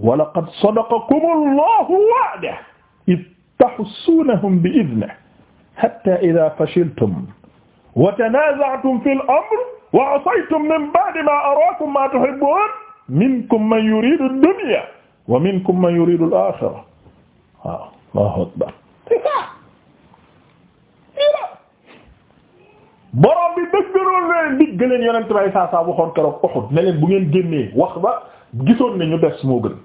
wa laqad sadaqakum allahu wa'dahu id tahussunahum bi idnihi hatta idha fashiltum wa tanaza'tum fil amri wa 'asaytum min ba'di ma araakum ma tuhibbun minkum man yuridu ad-dunya wa minkum man yuridu al-akhirah waaw Allahu akbar borom bi dëgg loolu leen digg leen yonent bi saa saa waxoon keroog Uhud ne leen bu ngeen génnee wax ba gisoon ne ñu des moo gën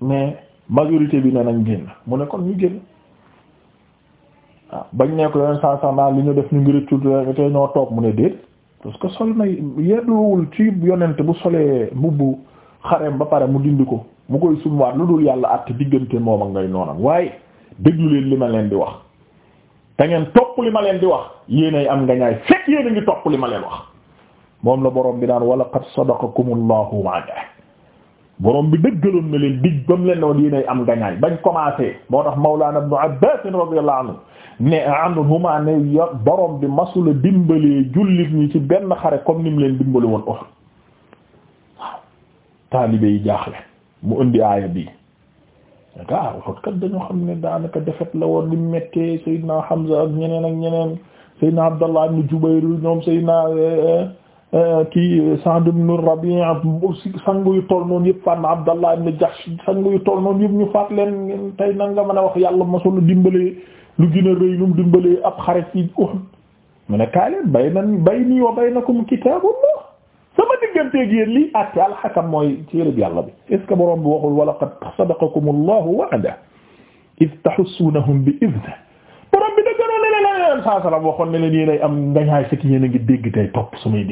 mais majorité bi ne nañ génn mu ne kon ñu génn waaw bañ ne ko yeneen saa saa li ñu def ñu ngi rëccu te ñoo toog mu ne déet parce que sol na yedduwul ci yonent bu solee mbubb xareem ba pare mu dindi ko mu koy sumwaat lu dul yàlla àtt diggante moom ak ngay noonam waaye déglu leen li ma leen di wax da ngeen topp li ma leen di wax yéenay am nga ñaay fekk yéen ngi topp li ma leen wax moom la borom bi naan wala qad sadaqakumullahu wa'dahu borom bi dëggaloon na leen dig ba mu leen doon yéenay am gañaay bañ commencé moo tax Mawlaana Ibnu Abbaas radiyallahu anhu ne anhuma ne ya borom bi masula dimbalee jullit ñi ci benn xare comme ni mu leen dimbali woon Uhud waaw taalibe yi jaaxle mu indi aaya bii gaa Uhud kat dañu xam ne daanaka defet la woon li mettee Seydina Hamza ak ñeneen ak ñeneen Seydina Abdallah ibnu Jubayr ñoom Seydina eh, eh, Euh, kii Sa'd ibn Rabi'a sangu yu toll noonu yëpp fànn Abdallah ibn Jahsh sangu yu toll noonu yëpp ñu faat leen tey nan nga wax yàlla mosul dimbalee lu gën a rëy lu mu dimbalee ab xare ci Uhud mu ne kaay leen bay nan bay nii wa baynakum kitaabullah sama digganteeg yéen lii àtte alxakam mooy téereb yàlla bi est ce que borom bi waxul wa laqad sadaqakum allahu wa'da id tahussunahum bi idni borom bi da gënoon leen saa salaam waxoon ne leen yéen am ngañaay fekk yéen a ngi dégg tey topp sumay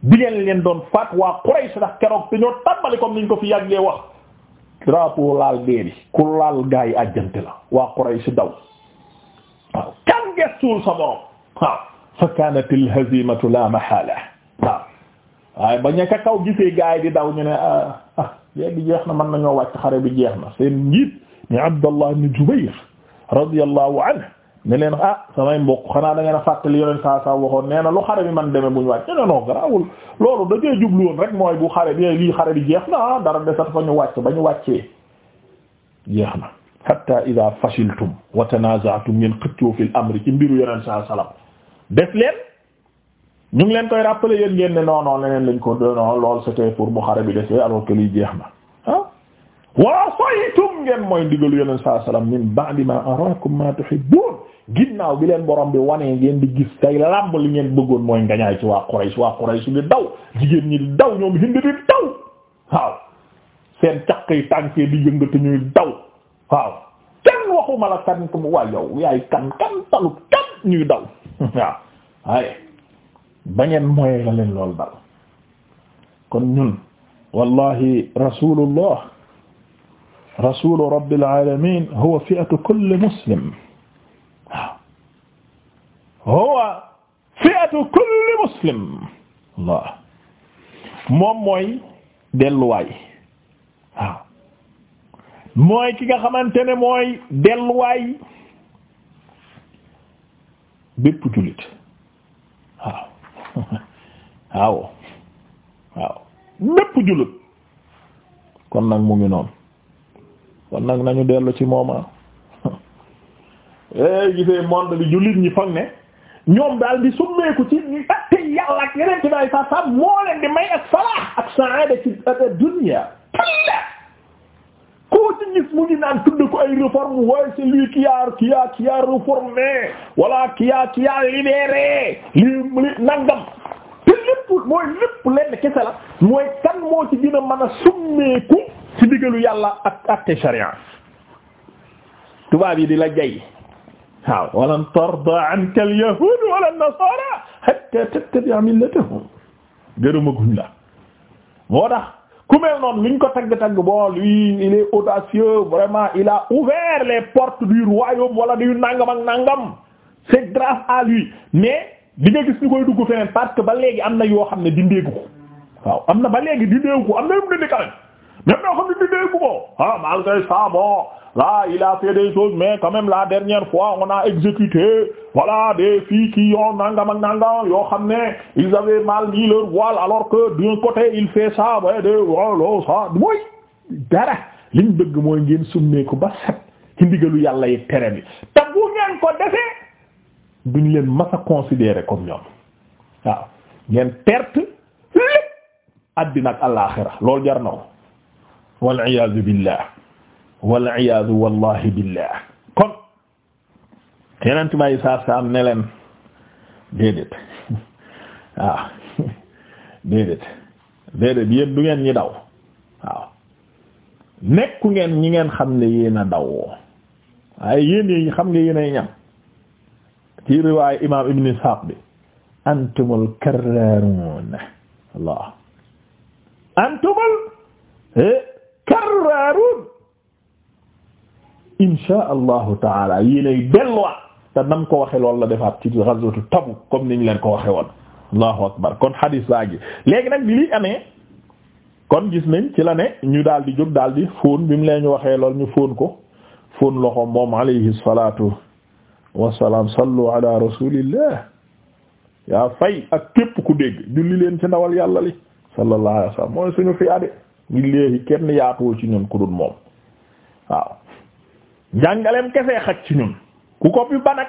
bi ngeen leen doon faat waa Quraysh ndax keroog dañoo tàmbali comme niñ ko fi yàggee wax drapeau laal dee bi ku laal gaa yi àjjante la waa Quraysh daw waaw kan gestuwul sa borom waaw fa kanat al hazimatu waaye ba ña ca kaw gisee gaa di daw ñu ne ah ah léegi jeex na mën nañoo wàcc xare bi jeex na seen njiit ni Abdallah ibn Jubayr radiyallahu ne leen ah samay mbokk xanaa dangeen ngeen a fàttali yoneen saa saa waxoon nee na lu xare bi man demee bu ñu wàcc ñu ne non garaawul loolu da cee jublu woon rek mooy bu xare bi lii xare bi jeex na ah, dara desat fa ñu wàcc ba ñu wàccee jeex na hatta ida fashiltum wa tanaza'tum ngeen xëccoo fil amri ci mbiru yoneen saa salam def leen ñu ngi leen koy rappeler yéen ngeen ne non non leneen lañ ko non loolu c'était pour bu xare bi desee aloo que lii jeex na wa saytum ngeen mooy ndigalu yoneen saa sallam min ba'di ma araakum ma tuhibbun ginnaaw bi leen borom bi wanee ngeen di gis tay làmb li ngeen bëggoon mooy ngañaay ci waa Quraysh waa Quraysh di daw jigéen ñi di daw ñoom Hind di daw waaw seen caq yi tànkee di yëngatu ñuy daw waaw kenn waxuma la kan ko waa yow yaay kan kan talu kan ñuy daw waaw waaye ba ngeen mooy la leen loolu dal kon ñun wallahi rasulullah rasulu rabbil alamin huwa fi'atu kulli muslim huwa fi'atu kulli muslim moom mooy delluwaay waaw mooy ki nga xamante ne mooy delluwaay bépp jullit waaw waaw waaw bépp jullit kon nag mu ngi noonu kon nag nañu dellu ci mooma eh gisee monde bi jullit ñi foog ne ñoom daal di summeeku ci atte yàlla ak yeneen ci daay sa sam moo leen di may ak salah ak saada ci dunya alla koo ci gis mu ngi naan tudd ko ay réforme waaye c'est lui qui a qui a qui a réformé wala nangam te mooy lépp lenn kese la mooy kan moo ci dina mën a summeeku ci diggalu yàlla ak acte sharia tubaab yi di la jay waaw walan tarda anka al yahud wala an nasara hatta tattabi'a millatahum gërëma guñ la moo tax ku noon noonu luñ ko tagg-tagg bon lui il est vraiment il a ouvert les portes du royaume wala du nangam ak nangam c'est grâce à lui mais di gis ñu koy dugg feneen parce que ba léegi am na yoo xam ne dindeegu ko waaw am na ba léegi dindeegu ko am na yum dindi quand même même ñoo xam ne di dégg ko ah, malgré ça bon il a fait des choses mais quand la dernière fois on a exécuté voilà des filles qui ont nangam ak nangam yoo xam ne ils avaient mal mis leur voile alors que d'un côté il fait ça de wolo oh, dara liñ bëgg mooy ngeen summeeku ba set ci ndigalu yàlla yi tere bi te bu ngeen ko defee duñ leen mas a considérer comme ñoom waaw ngeen perte lépp àddina ak àllaaxira loolu jar na ko wal iyaazu billah wal iyaazu wallahi billah kon yenent may saar saam ne leen déedéet waaw déedéet déedéet yéen du ngeen ñi daw waaw nekku ngeen ñi ngeen xam ne yéen a dawoo waaye yéen yi xam nga yéen ay ñam ci riwaaya imaam ibn Isaaq bi antumul karraaruun Allah antumul eh insha allahu taala yéenay delluwaat te nam ko waxee loolu la defaat ci ghazwatu Tabuk comme niñ leen ko waxee woon allahu akbar kon hadis laa gi léegi nag bi lii amee kon gis nañ ci la ne ñu daal di jóg daal di fóon bi mu leen ñu waxee lool ñu fóon ko fóon loxo moom alayhi salatu wasalaam sallu ala rasulillah yaa fay ak képp ku dégg julli leen ci ndawal yàlla li sallallahu mooy suñu fi ade ngi léegi kenn yaatuwul ci ñun ku dul moom waaw njàngaleem kese xaj ci ñun ku ko fi ba nag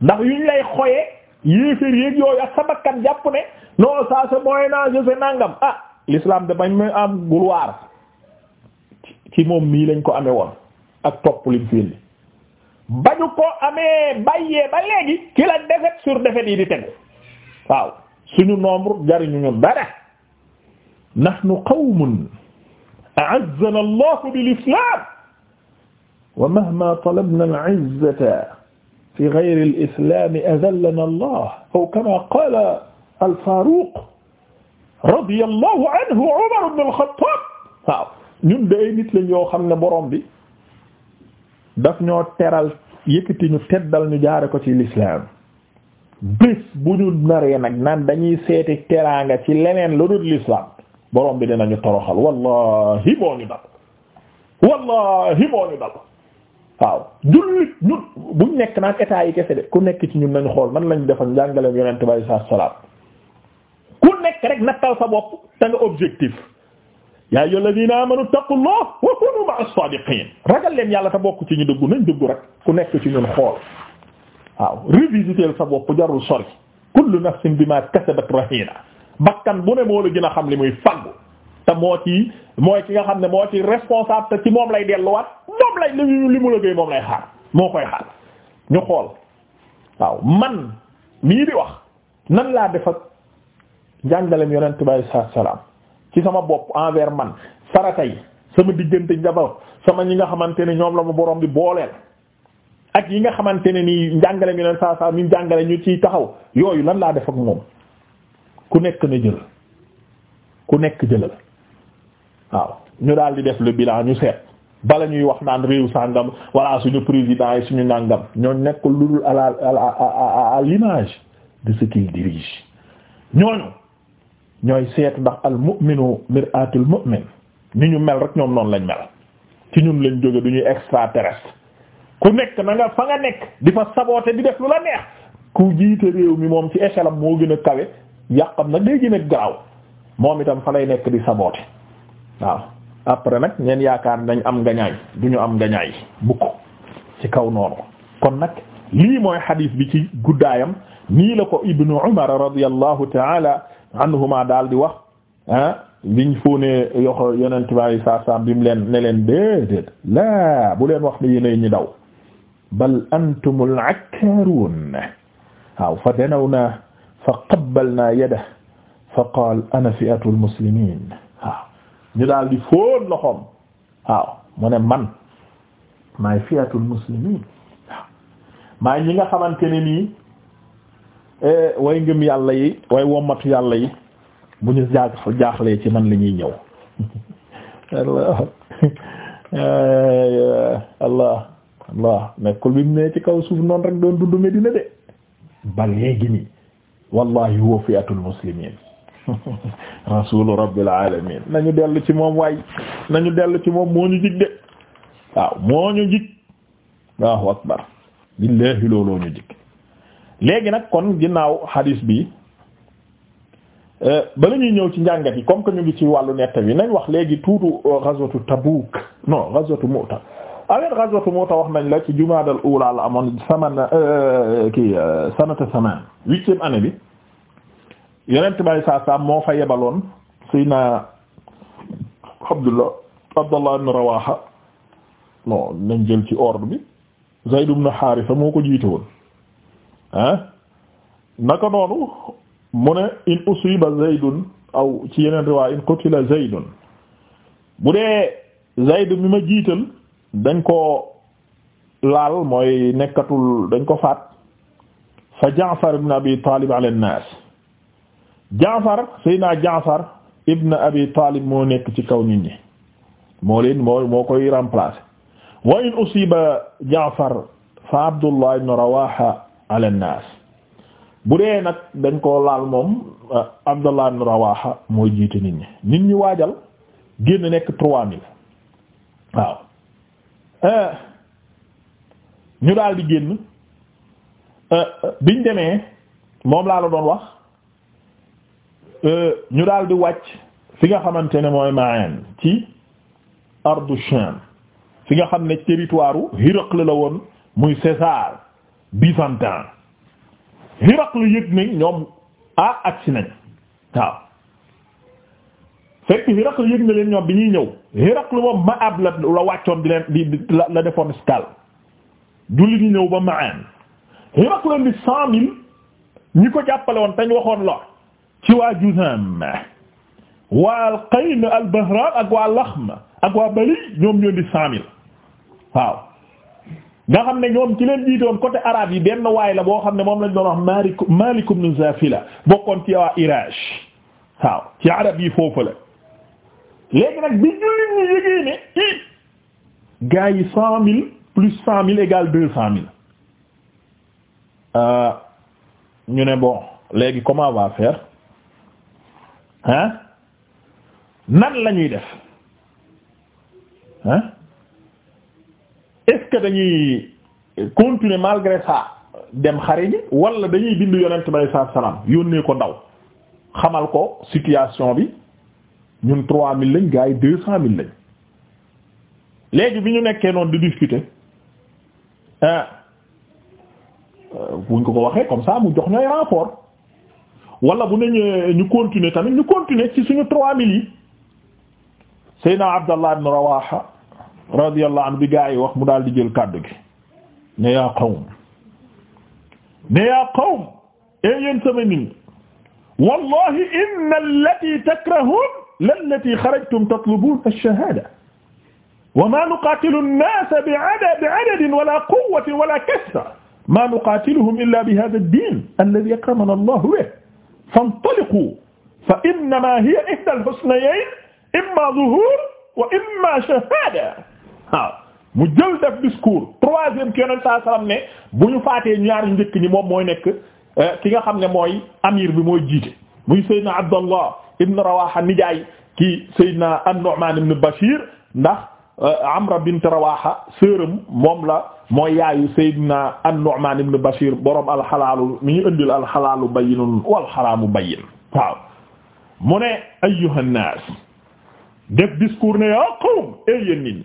ndax yuñ lay xoyee yéeféer yéeg yooyu ak sa jàpp ne non ça c'est moyen âge c'est nangam ah l'islam de bañ muy am gloire ci moom mii lañ ko amee woon ak topp lim fi indi bañu ko amee bàyyee ba léegi ki la défaite sur défaite yi di tegu waaw suñu nombre jariñu ñu dara nu qawmun a'azzana Allahu bil islam wa mahma talabna al-izzata fi ghayri al-islam azallana Allah aw kama qala al-Faruq radiyallahu anhu Umar ibn al-Khattab waaw ñun de ay nit lañ yoo xam ne borom bi daf ñoo teral yëkkati ñu teddal ñu jaare ko ci l'islam bés bu ñu naree nag naan dañuy seeti teraanga ci leneen lu dul l'islam borom bi dinañu toroxal wallahi moo ñu dal wallahi moo ñu dal waaw jullit ñun buñ nekk naan état yi kese de ku nekk ci ñun nañu xool man lañu defal njàngaleem yonent bi sallallahu alayhi wasallam ku nekk rek nattal sa bopp te nga objectif yaa ayyuha alladhina amanu taqullah wa kunu ma'as sadiqin ragal leen yàlla te bokk ci ñu duggu nañ duggu rek ku nekk ci ñun xool waaw revisiter sa bopp jarul sori kullu nafsin bima kasabat rahina bakkan bu ne moo la gën a xam li muy faggu te moo ci moo ki nga xam ne moo ci responsable te ci moom lay delluwaat moom lay li mu liggéey moom lay xaar moo koy xaar ñu xool waaw man mii di wax nan laa def ak njàngalem yonent bi alayhi salaam ci sama bopp envers man farata sama diggante njaboot sama ñi nga xamante ne ñoom la mu borom bi booleel ak yi nga xamante ne nii njàngalem yonent saa saa mi njàngale ñu ciy taxaw yooyu nan laa def ak moom ku nekk na jël ku nekk jëlal waaw ñu daal di def le bilan ñu seet bala ñuy wax naan réew sàngam walla suñu président yi suñu nàngam ñoo nekkul lu dul à la à l'image de ce qu'il dirige ñooñu ñooy seet ndax al mu'minu mir'atul mu'min ni ñu mel rek ñoom noonu lañ mel ci ñun leen jóge du ñuy extraterrestre ku nekk na nga fa nga nekk di fa saboote di def lu la neex ku jiite réew mi moom ci échelle moo gën a kawe yàqam nag day gën a garaaw moom itam fa lay nekk di saboote waaw après nag ñeen yaakaar nañ am ngañaay du ñu am ngañaay bukk ci kaw noonu kon nag lii mooy xadiis bi ci guddaayam nii la ko ibnu umar radiyallahu taala anhuma daal di wax ah liñ foo ne yoxo yonent bi saa saa bi mu leen ne leen déedéet laa bu leen wax ne ñi daw bal antumul akkarun waaw fa danaw naa fa qabbalnaa yadahu fa qaala ana fi'atul muslimiin ñu daal di fóon loxoom waaw mu ne man maay fiatul muslimin waaw maay ñi nga xamante ne nii eh, way ngëm yàlla yi way wommatu yàlla yi bu ñu jaax ci man la ñuy ñëw allah eh, allah allah nekkul ne ci kaw suuf noonu rek doon dund Medina de ba léegi nii wallahi huwa fiatul muslimin rasulu rabbil alamin nañu dellu ci moom waay nañu dellu ci moom moo ñu jig de waaw moo ñu jig Allahu akbar billahi looloo ñu jig léegi nag kon ginnaaw hadis bi euh, bala ñuy ñëw ci njàngat yi comme que ñu ngi ci wàllu nett bi nañ wax léegi tuutu euh, ghazwatu Tabuk non ghazwatu Mu'ta awet ghazwatu Mu'ta wax nañ la ci jumaadal ula la amoon samana euh, kii sanata saman huitième année bi yonent bay saa moo fa yebaloon Seydina Abdullah Abdullah ibn Rawaha bon nañ jël ci ordre bi Zayd ibn Haarisa moo ko jiite woon ah naka noonu mu ne in usiba Zaydun aw ci yeneen riwaay in qutila Zaydun bu dee Zayd mi ma jiital dañ ko laal mooy nekkatul dañ ko faat fa Ja'far ibn Abi Talib ala an Jaafar Seydina Jaafar ibn Abi Talib moo nekk ci kaw nit ñi moo leen moo moo koy remplacer wa in usiba Jaafar fa Abdullah ibn Rawaha ala an bu dee nag dañ koo laal moom eh, Abdullah ibn Rawaha mooy jiite nit ñi nit ñi waajal génn nekk trois mille waaw eh, ñu daal di génn eh, biñ demee moom laa la doon wax ñu daal di wàcc fi nga xamante ne mooy Ma'an ci ardu Sham fi nga xam ne territoire u Hiraql la woon muy César byzantin Hiraql yëg ni ñoom ah agsi nañ waaw fekk Hiraql yëg na leen ñoom bi ñuy ñëw Hiraql moom Ma'ab la la wàccoon di leen di la defoon escale julli ñu ñëw ba Ma'an Hiraql leen di cent mille ñi ko jàppale woon tañ waxoon la ci waa Juzaam waa al-Qayn al-Bahraan ak waa Laxm ak waa Bali ñoom ñoo di cent waaw nga xam ne ñoom ci leen jiitoon côté arabe yi benn waay la boo xam ne moom lañ doon wax Maalik Maalik ibn Zaafila bokkoon ci waa Iraash waaw ci arab yi foofu la léegi nag bi jullit ñu yëgee ne i gars yi cent mille plus cent mille égale deux cent mille euh, ñu ne bon léegi comment va faire ah nan la ñuy def ah est-ce que dañuy continuer malgré ça dem xare ji wala dañuy bind yonent bi saa salaam yónnee ko ndaw xamal ko situation bi ñun trois mille lañ gars yi deux cent mille lañ léegi bi ñu nekkee noonu di discuter ah euh, buñ ko ko waxee comme ça mu jox ñooy rapport. wala bu nañu ñu continuer tamit ñu continuer ci suñu trois mille yi Seydina Abdallah ibn Rawaha radiyallahu anhu bi gaa yi wax mu daal di jël kàddu gi ne yaa qawm ne yaa qawm e yéen sama nit wallahi inna allati takrahun lallati xarajtum tatlubun ash-shahada wa ma nuqatilu an-nasa bi'adadin wala quwwatin wala kasra ma nuqatiluhum illa bi hadha ad-din alladhi akramana Allahu bihi fantaliqu fa innama hiya ihda al-husnayayn imma zuhur wa imma shahada waaw mu jël def discours troisième ki yonent saa sallam ne bu ñu faatee ñaar njëkk ñi moom mooy nekk eh, ki nga xam ne mooy amir bi mooy jiite muy Seydina Abdallah ibn Rawaha nijaay ki Seydina an-Nu'man ibn Bashir ndax eh, Amra bint Rawaha sœuram moom la mooy yaayu Seydina an-Nu'man ibn Bashir borom alxalaalu mi ñu indil alxalaalu bayyinun wal xaraamu bayyin waaw mu ne ayyuha nnaas def discours ne yaa qawm ay yéen nit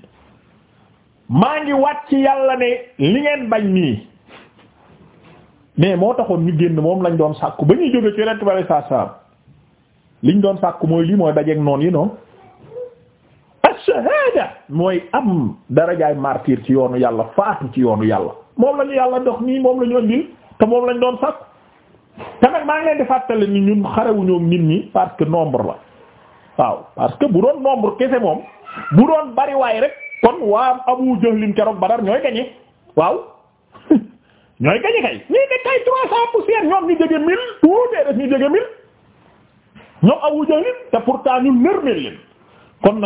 maa ngi wat ci yàlla ne li ngeen bañ nii mais moo taxoon ni génn moom lañ doon sàkku ba ñuy jóge ci Yonent bi sallallahu alayhi wasallam liñ doon sàkku mooy lii mooy dajeek noon yi noonu. shahada mooy am darajaay martyr ci yoonu yàlla faatu ci yoonu yàlla moom la yàlla dox nii moom la ñu te moom lañ doon sax te nag maa ngi leen di fàttali ni ñun xarewu nit ñi parce que nombre la waaw parce que bu doon nombre kese moom bu doon bariwaay rek kon waa Abu Jahlin keroog Badar ñooy gañe waaw ñooy gañe kay ñii nekk ay trois cent poussières ñoom ñu jege mille tuutee def ñu jege mille ñoom Abu Jahlin te pourtant ñun nërmeel leen kon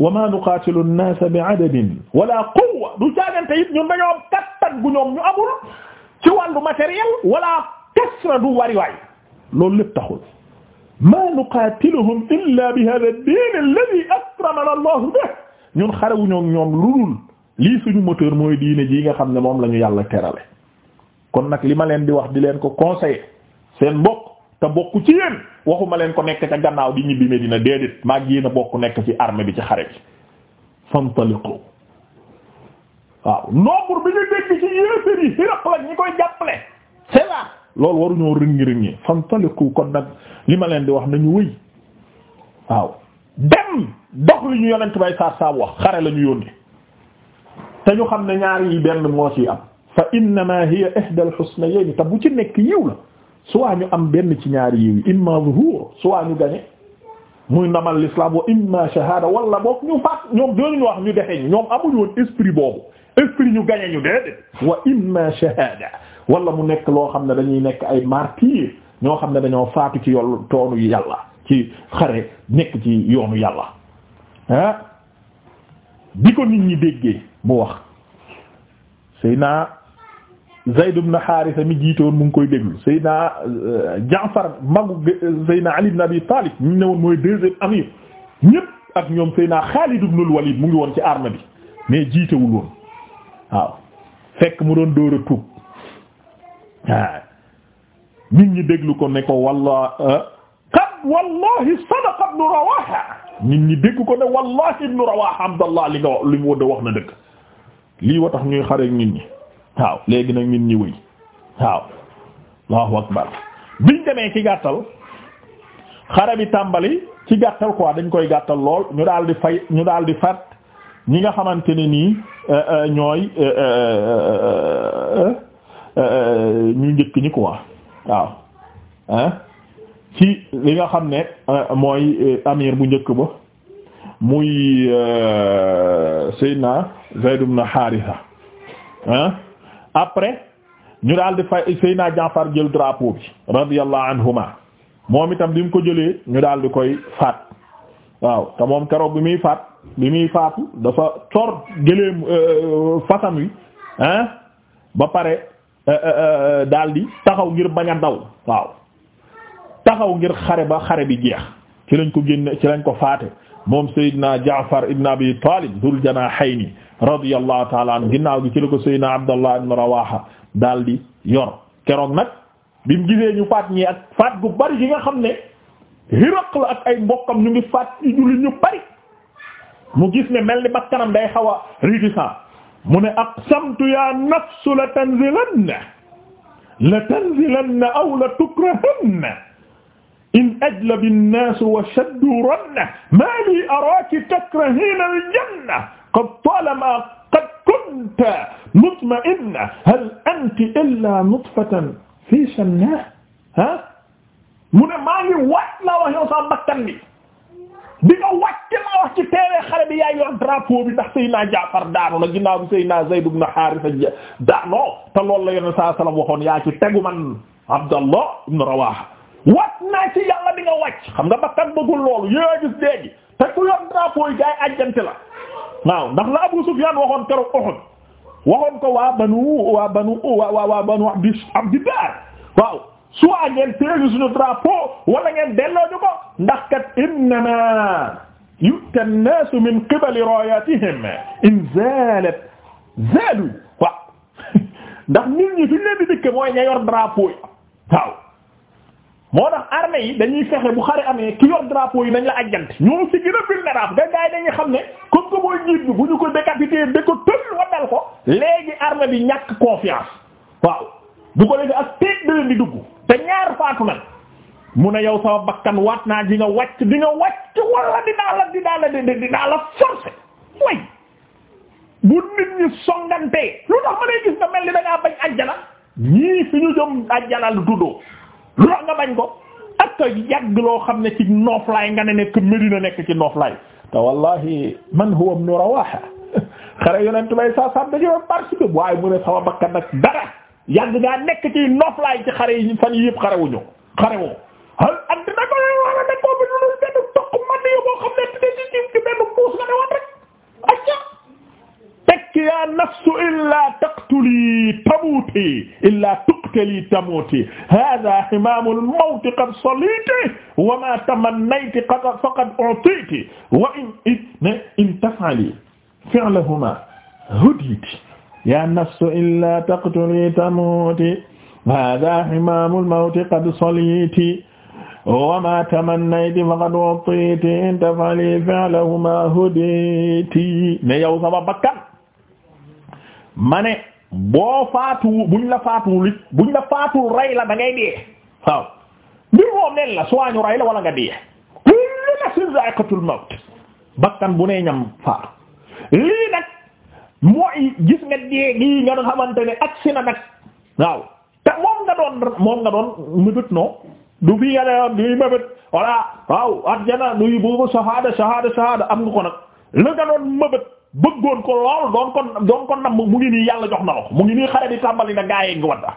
wa ma nuqaatilu an-naasa bi'adadin wala quwwa du caagante it ñun dañoo am kattan gu ñoom ñu amul ci wàllu matériel wala kasra du wariwaay loolu lépp taxul ma nuqaatiluhum illa bi hadha ad-diin alladhi akramana Allah bihi ñun xarewu ñoom ñoom lulul lii suñu moteur mooy diine ji nga xam ne moom la ñu yàlla terale kon nag li ma leen di wax di leen ko conseiller seen bokk te bokk ci yéen waxuma leen ko nekk ca gannaaw di ñibbi Medina déedéet maa ngi yéen a bokk nekk ci armée bi ci xare bi fantaliku waaw nombre bi ñu dégg ci yéeféer yi xiraq la ñi koy jàppale c'est là loolu waruñoo rëngi rëngi fantaliku kon nag li ma leen di wax nañu wëy waaw dem dox li ñu yonent bay saar saab wax xare la ñu te ñu xam ne ñaar yi benn moo ci am fa innamaa hiya ihdal husnayayni te bu ci nekk yiw la soit ñu am benn ci ñaari yiw yi imma zuhur soit ñu gañe muy namal l'islam wa imma shahada wala boog ñu faat ñoom doonuñu wax ñu defeñ ñoom amuñu esprit boobu esprit ñu gañe ñu déedéet wa imma shahada wala mu nekk loo xam ne dañuy nekk ay martyr ñoo xam ne dañoo faatu ci yoon toonu yàlla ci xare nekk ci yoonu yàlla ah bi ko nit ñi déggee mu wax sëy naa Zayd ibn Haarisa mi jiite woon mu ngi koy déglu Seydina euh, Jaafar magu euh, Seydina Ali ibn Abi Talib ñu ne woon mooy deuxième amir ñëpp ak ñoom Seydina Xaalid ibn al mu ngi woon ci armée bi mais jiitewul woon waaw fekk mu doon dóor a nit ñi déglu ko ne ko walla euh, qad wallahi sadaqa ibn Rawaha nit ñi dégg ko ne wallahi ibn Rawaha Abdallah li nga li mu wëdd wax na dëgg lii wa tax ñuy xareek nit ñi waaw léegi nag ñun ñi wëy waaw allahu akbar biñ demee ci gàttal xare bi tàmbali ci gàttal quoi dañ koy gàttal lool ñu daal fay ñu daal di fat ñi nga xamante ne nii euh, euh, ñooy euh, ñu njëkk ñi quoi waaw ah ci li nga xam ne mooy amir bu njëkk ba muy Seydina Zayd ibn Haritha ah après ñu daal di fay Seydina Jaafar jël drapeau bi radiyallahu anhuma moom itam bi mu ko jëlee ñu daal di koy faat waaw te moom keroog bi muy faat bi muy faatu dafa tor gëléem euh, euh, fasam wi hein ba pare euh, daldi taxaw ngir bañ ndaw daw waaw taxaw ngir xare ba xare bi jeex ci lañ ko génne ci lañ ko faate moom Seydina Jaafar ibn Abi Talib Dul Janaahayni radiyallahu ta'ala anhu ginnaaw gi ci la ko Seydina Abdallah ibn Rawaha daal di yor keroog nag bi mu gisee ñu faat ñi ak faat gu bari nga xam ne Hiraql ak ay mbokkam ñu faat ci mu gis ne mel ni bakkanam day xawa a mu ne aqsamtu ya nafsu la tanzilanna la tanzilanna aw la tukrahanna ajlabi an-nas wa shaddu ranna ma li araki takrahina al-janna qad talama qad kunta mutma'inna hal anti illa nutfatan fi shanna ha mu ne maa ngi waat laa wax yow sa bakkan bi di nga wàcc laa wax ci teeree xale bi yaay yor drapeau bi ndax Seydina Jaafar daanu na ginnaaw bi Seydina Zayd ibn Haarisa daanoo te loolu la yoneen saa sallam waxoon yaa ci tegu man Abdallah ibn Rawaha wat naa ci yàlla di nga wàcc xam nga bakkan bëggul loolu yéen gis léegi te ku yor drapeau yi gars yi àjjante la ndax la Abu Sufyan waxoon keroog Uhud waxoon ko waa banu waa banu waa waa Abdi Abdi Dar waaw soit ngeen téye suñu drapeau wala ngeen delloo ñu ko ndax kat innama yu'ta an-nasu min qibali rayatihim in zalat zalu waaw ndax nit ñi fi ñu leen di dikk mooy ña yor drapeau moo tax armée yi dañuy fexe bu xare amee ki yor drapeau yi nañ la ajjant ñoo ci gën a vulnérable nga gaay dañuy xam ne comme que mooy bu ñu ko décapité da ko tëll waddal ko léegi armée bi ñàkk confiance waaw bu ko defee ak teeg da leen di dugg te ñaar faatu nag mu ne yow sama bakkan waat naa di nga wàcc di nga wàcc wala dinaa la dinaa la dinaa la forcer way bu nit ñi songantee lu tax ma lay gis nga mel ni da bañ ajjana ñii fi ñu jëm ajjana lu tax nga bañ ko ak ka yàgg loo xam ne ci nooflaay nga ne nekk Medina nekk ci nooflaay te wallahi man huwa ibn Rawaha xare yonent bay saa saa dañu doon participer waaye mu ne sama bakkan nag dara yàgg ngaa nekk ci nooflaay ci xare yi fan yëpp xare wuñu xare woo hal addina ko ne waa ne koo bi lu lu benn toq man yi boo xam ne te ci ci ci benn puus nga ne wat rek acca tekki yaa nafsu illa taqtuli tamuuti illaa tuqtali tamuuti haaza himaamul mawti qad saliti wa maa tamannayti faqad u'titi wa in in taf'ali fi'lahumaa huditi yaa nafsu illaa taqtuli tamuuti haaza himaamul mawti qad saliti wa maa tamannayti faqad u'titi in taf'ali fi'lahumaa huditi ne yow sama bakkan ma ne boo faatuwu buñ la faatuwul it buñ la faatuwul rey la da ngay mbir moom nen la soit wala nga dee kullu nafsin za'iqatul maut bakkan bu ñam faatu lii nag mooy gis nga dee nga xamante ne ak si na moom nga doon mëbët noo du fi nga doon du mëbët voilà waaw at jana du boobu shahada shahada shahada am nga ko nag la nga doon mëbët bëggoon ko lool doon ko doon ko nam mu ngi nii yàlla jox na ko mu ngi nii xare di tàmbali na gaayee ngi wadda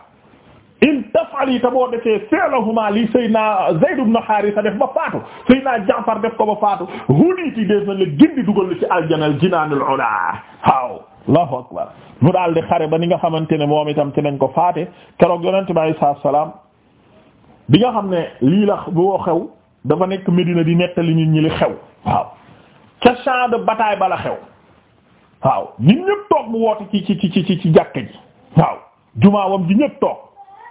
in tafali ta boo defee fi'lahuma li sayyidina Zayd ibn Haarisa def ba faatu sayyidina Jaafar def ko ba faatu huniti def na la gindi dugal la ci aljanal jinaanul ula waaw Allahu akbar mu daal di xare ba ni nga xamante ne moom itam ci nañ ko faate keroog yonente bi alayhi salaam bi nga xam ne lii la boo xew dafa nekk Medina di nettali nit ñi li xew waaw ca champ xew waaw nit ñëpp toog mu woote ci ci jàkka ji waaw jumaawam ji ñëpp toog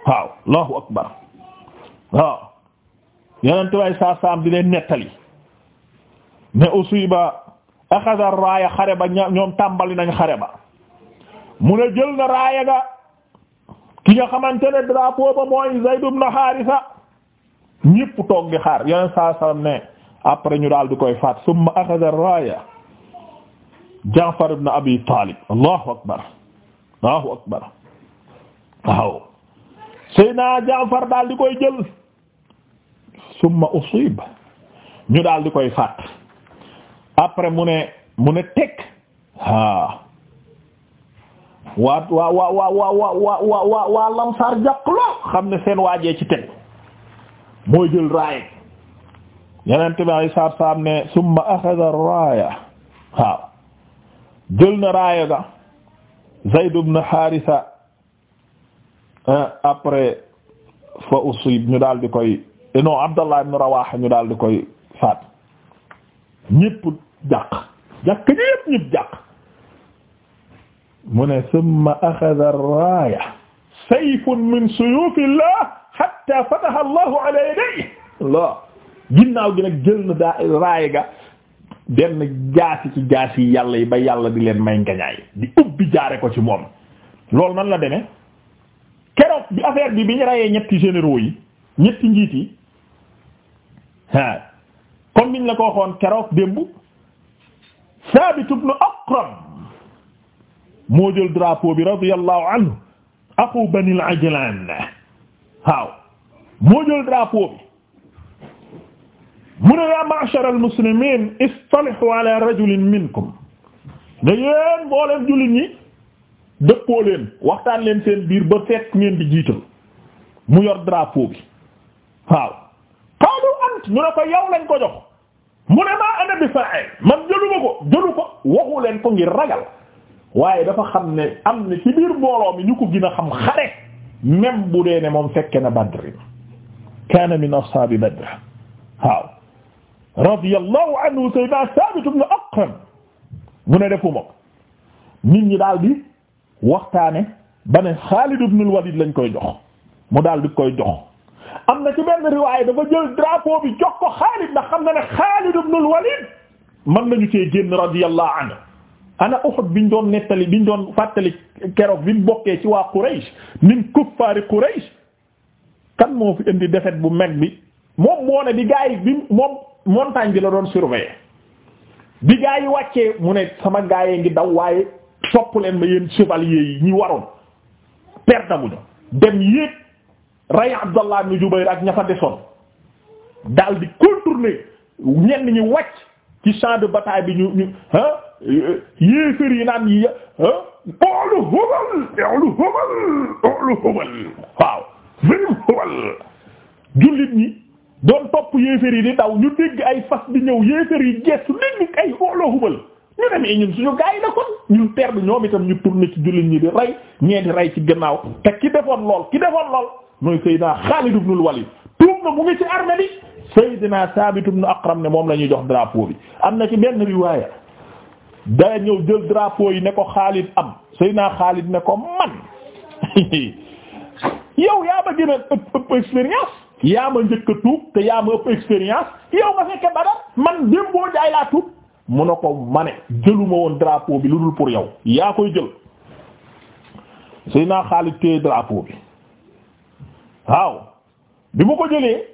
waaw allahu akbar waaw yonente way saa di leen nettali ne usiba axada raaya xare ba ñoom tàmbali nañ xare ba mu ne jël na raaya ga ki nga xamante ne drapeau ba mooy Zayd ibn Haarisa ñëpp toog di xaar yonent saa ne après ñu daal di koy faat summa axada raaya Jaafar ibn Abi Talib allahu akbar allahu akbar waaw Seydina Jaafar daal di koy jël summa usib ñu daal di koy faat après mu ne mu ne teg haa waa waa waa waa waa waa waa waa waa lamsaar jàqloo xam ne seen waajee ci teg mooy jël raaya yeneen tamit ay saab saab ne summa axada raaya waaw jël na raaya ga Zayd ibn Haarisa après fa usib ñu daal di koy eh non Abdallah ibn Rawaha ñu daal di koy faat ñépp jàq jàq ñépp ñépp jàq mu ne summa axada raaya sayfun min suyufillah hatta fataha Allahu ala yadayhi ginnaaw gi nag jël na daa raaya ga benn jaasi ci jaasi yi yàlla yi ba yàlla di leen may ngañaay di ubbi jaare ko ci moom loolu nan la demee keroog bi affaire bi bi ñu rayee ñetti généro yi ñetti njiit yi ah comme niñ la ko waxoon keroog démb Saabit ibn Aqram moo jël drapeau bi radiyallahu anhu aqu Banil Ajlan waaw moo jël drapeau bi mu ne yaa ma'shar al-muslimiin istalihu ala rajulin minkum ne yéen mbooleen jullit ñi dëppoo leen waxtaan leen seen biir ba fekk ngeen di jiital mu yor drapeau bi waaw ant ñu ne ko yow lañ ko jox mu ne maa ana bi fa'il man jëluma ko jëlu ko waxu leen ko ngir ragal waaye dafa xam ne am na ci biir mbooloo mi ñu ko gën a xam xare même dee ne moom fekke na Badr kaana min ashaabi Badr waaw radiyallahu anhu sayyidina Saabit ibn Aqram mu ne defuma ko nit ñi daal bi waxtaane ba ne Xaalid ibn al lañ koy dox mu daal di koy jox am na ci benn riwaay dafa jël drapeau bi jox ko Xaalid ndax xam na ne Xaalid ibn al-Walid nañu cee génn radiyallahu anhu ana Uhud biñ doon nettali biñ doon fàttali keroog bi mu bokkee ci waa Quraysh min kuffaari Quraysh kan moo fi indi defet bu meg bi moom moo ne bi gaa bi moom montagne bi la doon surveiller bi gaa yi wàccee mu ne sama gaa yi ngi daw waaye sopp leen ma yéen chevalier yi ñi waroon perte bu ñu dem yéeg rey Abdallah ibn Jubayr ak ña fa desoon daal di contourner ñenn ñi wàcc ci champ de bataille bi ñu ñu ah yi naan yi ah, oolu hubal oolu hubal oolu hubal waaw vrim hubal jullit ñi doon topp yéeféer yi di daw ñu dégg ay fas di ñëw yéeféer yi gestu dégg ay xooloo hubal ñu demee ñun suñu gaay la kon ñun perdre ñoom itam ñu na ci jullit ñi di rey ñee di rey ci gannaaw te ki defoon lool ki defoon lool mooy Seydina Xaalid ibnul Walid tuub na mu ngi ci armée bi Seydina Saabit ne moom la ñuy jox drapeau bi am na ci benn riwaaya daa ñëw jël drapeau yi ne ko Xaalid am Seydina Xaalid ne ko man yow yaa ba gën a ëpp expérience yaa ma njëkk tuub te yaa ma ëpp expérience yow nga fekke Badar man démboo jaay laa tuub mu ne ko ma jëluma woon drapeau bi lu dul pour yow yaa koy jël suy naa Xaalid téye drapeau bi waaw bi mu ko jëlee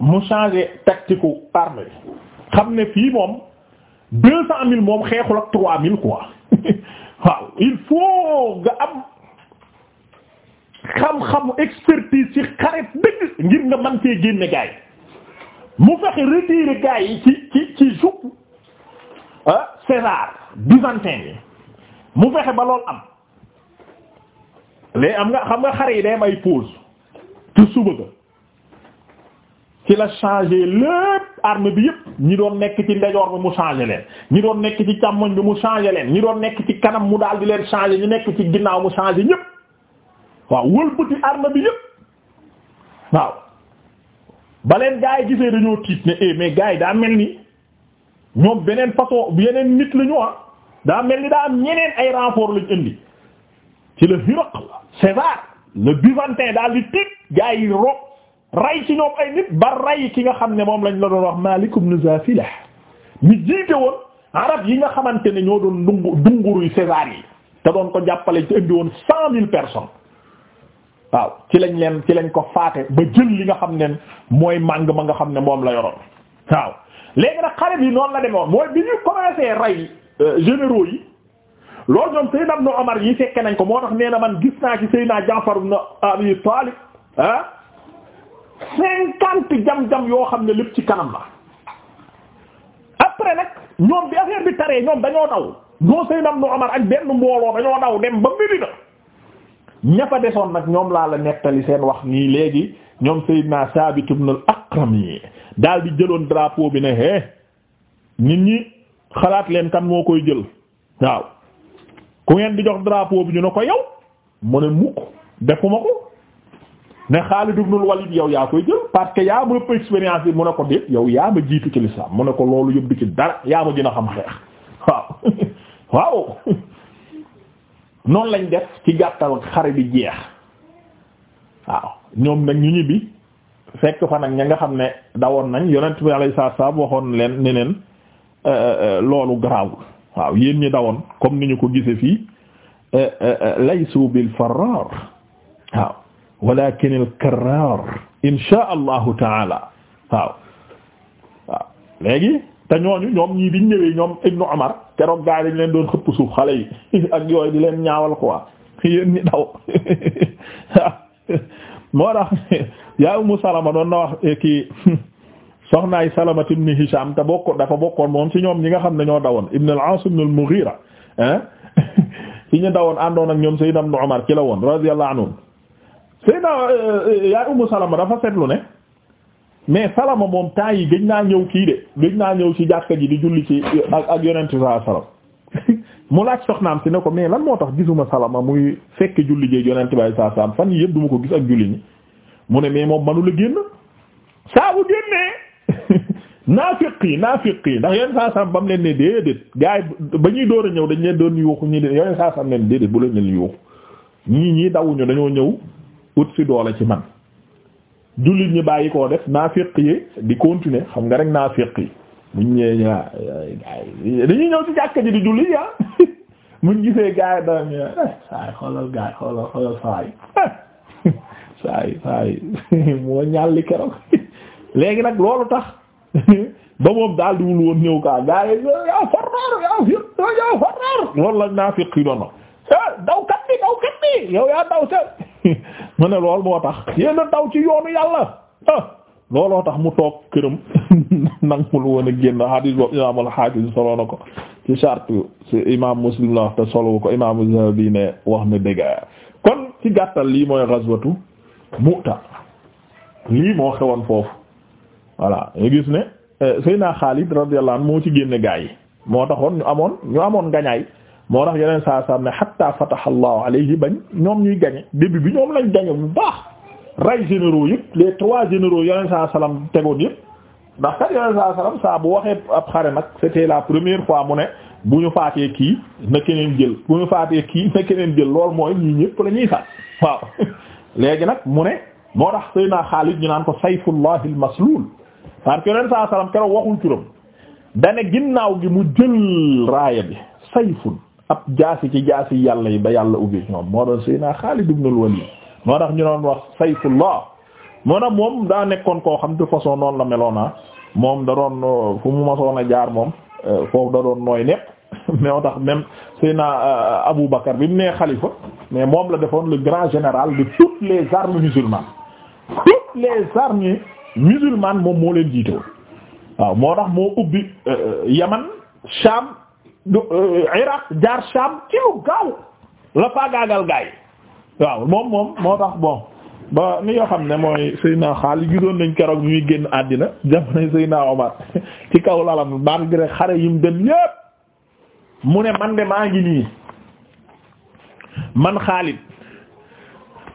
mu changé tactique armée bi xam ne fii moom deux cent mille moom xeexul ak trois mille quoi waaw il faut nga am xam xam expertise ci xaret dëgg ngir nga mën cee génne gaa yi mu fexe retirer gaa yi ci ci ci jupp ah César byzantin yi mu fexe ba lool am léegi am nga xam nga xare yi day may pause te suba ga ci la changer lépp arme bi yépp ñi doon nekk ci ndejoor bi mu changer leen ñi doon nekk ci càmmoñ bi mu changer leen ñi doon nekk ci kanam mu daal di leen changer ñi nekk ci ginnaaw mu changer ñépp waaw wëlbati arme bi yëpp waaw ba leen gaa yi gisee dañoo tiit ne eh mais gaa yi daa mel ni ñoom beneen façon yeneen nit lañu ñu ah daa mel ni daa am ñeneen ay renfort lañ indi ci la Hiraql César le Byzantin daal di tiit gaa yi ro ray ci ñoom ay nit ba ray ki nga xam ne moom lañ la doon wax Malik ibn Zafilah mi jiite woon arab yi nga xamante ne ñoo doon dungu dunguruy César yi te doon ko jàppale te indi woon cent mille personnes. waaw ci lañ leen ci lañ ko faate ba jël li nga xam ne mooy màng ma nga xam ne moom la yoroon waaw léegi nag xare bi noonu la demoon mooy bi ñu commencé rey euh, généraux yi loolu ñoom Seydina Ibn Omar yi fekke nañ ko moo tax nee na man gis naa ci naa Jaafar ibn Abi Talib ah cinquante jam-jam yoo xam ne lépp ci kanam la après nag ñoom bi affaire bi taree ñoom dañoo daw ñoo Seydina Ibn Omar ak benn mbooloo dañoo daw dem ba Medina ña fa desoon nag ñoom laa la nettali seen wax nii léegi ñoom Seydina Saabit ibn al-Aqram yi daal di jëloon drapeau bi ne hee nit ñi xalaat leen kan moo koy jël waaw ku ngeen di jox drapeau bi ñu ne ko yow mu ne mukk defuma ko ne Xaalid ibn al-Walid yow yaa koy jël parce que yaa ma expérience bi mu ne ko déet yow yaa ma jiitu ci lislaam mu ne ko loolu yëpp du ci dara yaa ma gën a xam xeex waaw waaw noonu lañ def ci gàttal xare bi jeex waaw ñoom nag ñu ñibbi fekk fa nag ña nga xam ne dawoon nañ yonent bi alayhi salaam waxoon leen ne leen euh, euh, loolu garaawul waaw yéen ñi dawoon comme ni ñu ko gisee fii euh, laysu bil farrar waaw walakin al karrar insha allahu taala waaw waaw léegi te ñooñu ñoom ñii biñ ñëwee ñoom ibnu Umar keroog gaa leen doon xëpp suuf xale yi ak yooyu di leen ñaawal quoi yéen ñi daw moo tax yaa Ummu Salama doon na wax eh, kii soxnaay Salama ibn Hisham te bokkoon dafa bokkoon moom ci ñoom ñi nga xam ne ñoo dawoon ibn al-As ibn al-Mughira ah ci ñu dawoon àndoon ak ñoom Sayyidna ibnu Umar ci la woon radiyallahu anhu Sayyidna eh, eh, yaa Ummu Salama dafa seetlu ne. mais salama moom temps yi gëj naa ñëw kii de gëj naa ñëw ci jàkka ji di julli ci ak ak yonent saa salam mu laaj soxnaam si ne ko mais lan moo tax gisuma salama muy fekk julli jeeg yonent baay saa salam fan yi yëpp duma ko gis ak julli ñi mu ne mais moom manula génn saa bu génnee naafiq yi naafiq yi ndax yonent saa salam ba mu leen ne déedéet gaa ba ñuy door a ñëw dañ leen doon yuuxu ñi de yonent saa salam leen bu leen leen yuuxu ñii ñii dawuñu dañoo ñëw ut si doole ci man jullit ñi bàyyi koo def naafiq yi di continuer xam nga rek naafiq yi muñ ñëwee ñu ah dañuy ñëw ci jàkka ji di julli ah muñ gisee gaay dara ñu xoolal gaay xoolal xoolal saa yi saa moo ñàlli keroog léegi nag loolu tax ba moom daal di wul woon ñëw kaa gaay yaa fornaar yaa fiq yaa fornaar loolu la naafiq yi doon na eh, dawkat bi dawkat bi yow yaa daw sa mu ne lool moo tax yenn daw ci yoonu yàlla ah, looloo tax mu toog këram nangul woon a génn hadis boobu imaamul haafis solo ko ci charte ci imam muslim la wax te solo ko imam Zahabi ne wax na dëgg kon ci gàttal lii mooy ghazwatu Mu'ta lii moo xewoon foofu voilà ñu gis ne eh, Seydina Xaalid radiyallahu anhu moo ci génne gaa yi moo taxoon ñu amoon ñu amoon gañaay moo tax yeneen saa saa ne hatta fataha Allahu alayhi bañ ñoom ñuy gañe début bi ñoom lañ gañe bu baax ray généraux yëpp les trois généro yeneen saa salaam tegoon yëpp ndax kat yeneen saa salaam saa bu waxee ab xare nag c'était la première fois mu ne bu ñu faatee kii na keneen jël bu ñu faatee kii na keneen jël lool mooy ñi ñëpp la ñuy faat waaw léegi nag mu ne moo tax sëy naa Xaalid ñu naan ko sayfullahi al-masluul parce que yeneen saa saam keroog waxul turam dane ginnaaw gi mu jël raaya bi sayfun ab jaasi ci jaasi yàlla yi ba yàlla ubbi ñoom moo doon Seydina Xaalid ibn al-Walid moo tax ñu doon wax sayfullah moo tax moom daa nekkoon koo xam de façon noonu la meloona ah moom da doon fu mu masoon a jaar moom euh, foofu da doon nooy nepp moo tax même Seydina euh, Abu Bakar bi mu nee xalifa mais moom la defoon le grand général de toutes les armées musulmanes toutes les armées musulmanes moom moo leen jiite waaw moo tax moo ubbi euh, Yaman Sham Euh, Iraq jaar Sham ci lu gaaw la faagaagal gaay waaw moom moom moo tax bon ba ni nga xam ne mooy Seydina Xaalid gisoon nañ keroog bi génn àddina jamono Seydina Omar ci kaw lalam malgré xare yi mu dem yépp mu ne man de maa ngi nii man Xaalid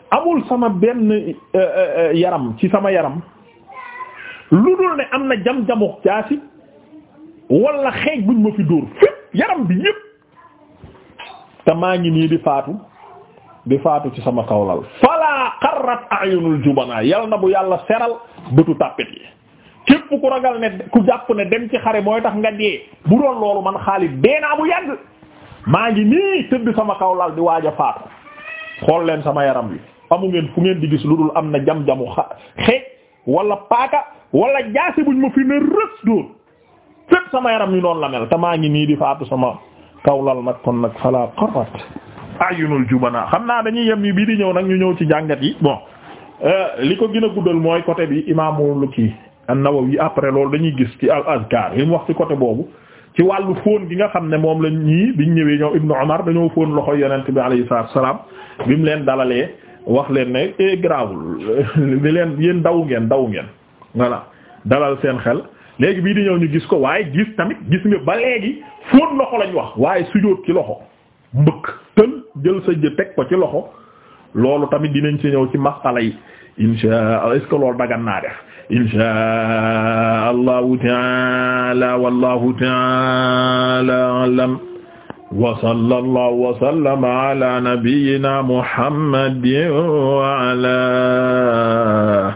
amul sama benn euh, euh, yaram ci sama yaram lu dul ne am na jam-jamu jaasi wala xeej buñ ma fi dóor yaram bi yépp te maa ngi nii di faatu di faatu ci sama kawlal fala xarrat ayunul jubanaa yal na bu yàlla seral bëtu tàppit yi képp ku ragal ne ku jàpp ne dem ci xare mooy tax nga dee bu doon loolu man Xaalid dee naa bu yàgg maa ngi nii tëdd sama kawlal di waaj a faatu xool leen sama yaram bi amu ngeen fu ngeen di gis lu dul am na jam-jamu xa xeej paaka wala jaasi ma fi ne rës doon fépp sama yaram ni noonu la mel te maa ngi nii di faatu sama kaw kawlal nag kon nag fala qarrat ayunul naa xam naa dañuy yem yi bii di ñëw nag ñu ñëw ci jàngat yi bon euh, li ko gën a guddal mooy côté bi imaamul kii an-Nawawi après loolu dañuy gis ci al azkar yi mu wax ci coté boobu ci wàllu fóon gi nga xam ne moom lañ ñii biñ ñëwee ñoom Ibnu Umar dañoo fóon loxo yonent bi alayhi salaatu salaam bi mu leen dalalee wax leen ne eh, grawul ni leen yéen daw ngeen daw ngeen voilà dalal seen xel léegi bii di ñëw ñu gis ko waaye gis tamit gis nga ba léegi fóon loxo lañ wax waaye sujjóot ci loxo mbëkk tël jël sa jë teg ko ci loxo loolu tamit dinañ ci ñëw ci masala yi insha allah est-ce que loolu dagan naa def insha allahu taala wallahu taala alam wa sallallahu wa sallama ala nabiyyina muhammadin wa ala